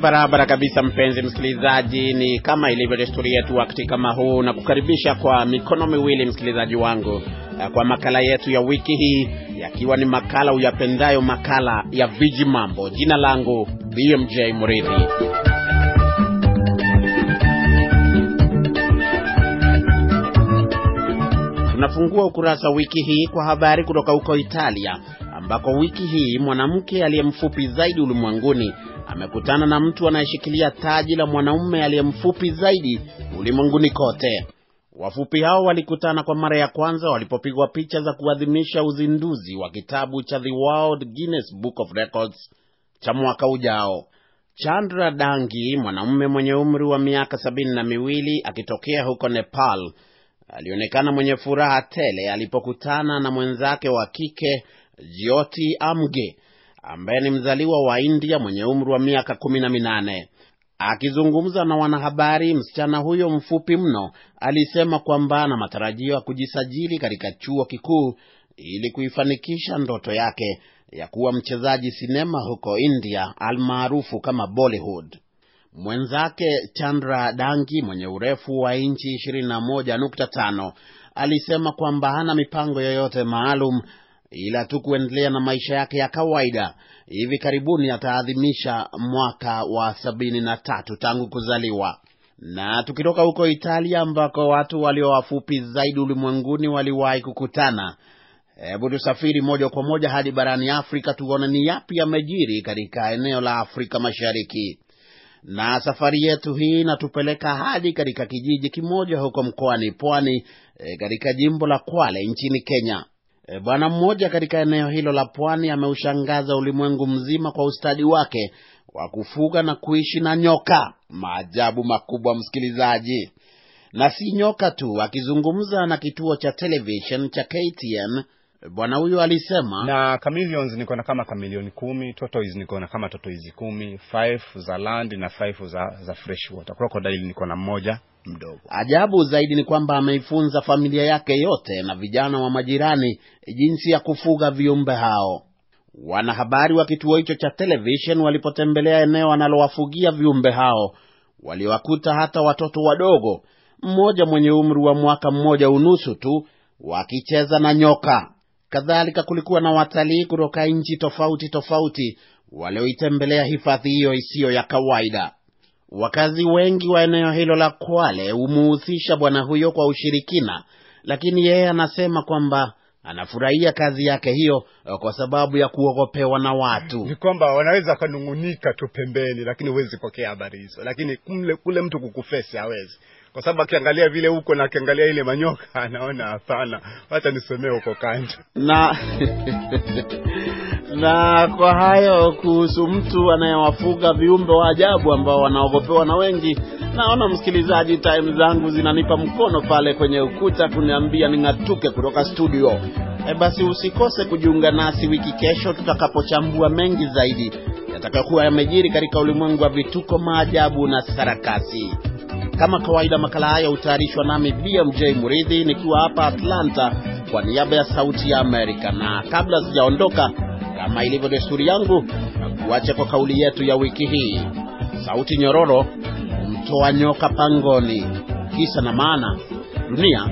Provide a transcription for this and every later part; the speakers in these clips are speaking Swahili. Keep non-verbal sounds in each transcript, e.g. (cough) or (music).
Barabara kabisa, mpenzi msikilizaji, ni kama ilivyo desturi yetu wakati kama huu, na kukaribisha kwa mikono miwili msikilizaji wangu eh, kwa makala yetu ya wiki hii, yakiwa ni makala uyapendayo, makala ya viji mambo. Jina langu BMJ mridhi Tunafungua ukurasa wiki hii kwa habari kutoka huko Italia ambako wiki hii mwanamke aliye mfupi zaidi ulimwenguni amekutana na mtu anayeshikilia taji la mwanaume aliye mfupi zaidi ulimwenguni kote. Wafupi hao walikutana kwa mara ya kwanza walipopigwa picha za kuadhimisha uzinduzi wa kitabu cha The World Guinness Book of Records cha mwaka ujao. Chandra Dangi, mwanaume mwenye umri wa miaka sabini na miwili akitokea huko Nepal, alionekana mwenye furaha tele alipokutana na mwenzake wa kike Jyoti Amge ambaye ni mzaliwa wa India mwenye umri wa miaka kumi na minane. Akizungumza na wanahabari, msichana huyo mfupi mno alisema kwamba ana matarajio ya kujisajili katika chuo kikuu ili kuifanikisha ndoto yake ya kuwa mchezaji sinema huko India almaarufu kama Bollywood. Mwenzake Chandra Dangi mwenye urefu wa inchi 21.5 alisema kwamba hana mipango yoyote maalum ila tu kuendelea na maisha yake ya kawaida. Hivi karibuni ataadhimisha mwaka wa sabini na tatu tangu kuzaliwa. Na tukitoka huko Italia ambako watu walio wafupi zaidi ulimwenguni waliwahi kukutana, hebu tusafiri moja kwa moja hadi barani Afrika tuone ni yapi yamejiri katika eneo la Afrika Mashariki. Na safari yetu hii inatupeleka hadi katika kijiji kimoja huko mkoani Pwani, eh, katika jimbo la Kwale nchini Kenya. E, bwana mmoja katika eneo hilo la pwani ameushangaza ulimwengu mzima kwa ustadi wake wa kufuga na kuishi na nyoka. Maajabu makubwa, msikilizaji, na si nyoka tu. Akizungumza na kituo cha television cha KTN Bwana huyu alisema, na Chameleons niko na kama chameleon kumi, tortoise niko na kama tortoise kumi, five za land na five za, za fresh water. Crocodile niko na mmoja mdogo. Ajabu zaidi ni kwamba ameifunza familia yake yote na vijana wa majirani jinsi ya kufuga viumbe hao. Wanahabari wa kituo hicho cha television walipotembelea eneo analowafugia viumbe hao, waliwakuta hata watoto wadogo, mmoja mwenye umri wa mwaka mmoja unusu tu wakicheza na nyoka. Kadhalika kulikuwa na watalii kutoka nchi tofauti tofauti walioitembelea hifadhi hiyo isiyo ya kawaida. Wakazi wengi wa eneo hilo la Kwale humuhusisha bwana huyo kwa ushirikina, lakini yeye anasema kwamba anafurahia kazi yake hiyo eh, kwa sababu ya kuogopewa na watu. Ni kwamba wanaweza wakanung'unika tu pembeni, lakini huwezi pokea habari hizo, lakini kule, kule mtu kukufesi hawezi kwa sababu akiangalia vile huko na akiangalia ile manyoka (laughs) anaona hapana, hata nisomee huko kando na (laughs) na kwa hayo kuhusu mtu anayewafuga viumbe wa ajabu ambao wanaogopewa na wengi. Naona msikilizaji, time zangu zinanipa mkono pale kwenye ukuta kuniambia ning'atuke kutoka studio. E, basi usikose kujiunga nasi wiki kesho tutakapochambua mengi zaidi yatakayokuwa yamejiri katika ulimwengu wa vituko, maajabu na sarakasi. Kama kawaida, makala haya hutayarishwa nami BMJ Muridhi nikiwa hapa Atlanta kwa niaba ya Sauti ya Amerika, na kabla sijaondoka, kama ilivyo desturi yangu, nakuacha kwa kauli yetu ya wiki hii. Sauti nyororo mtoa nyoka pangoni. Kisa na maana, dunia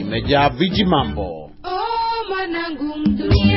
imejaa viji mambo. Oh,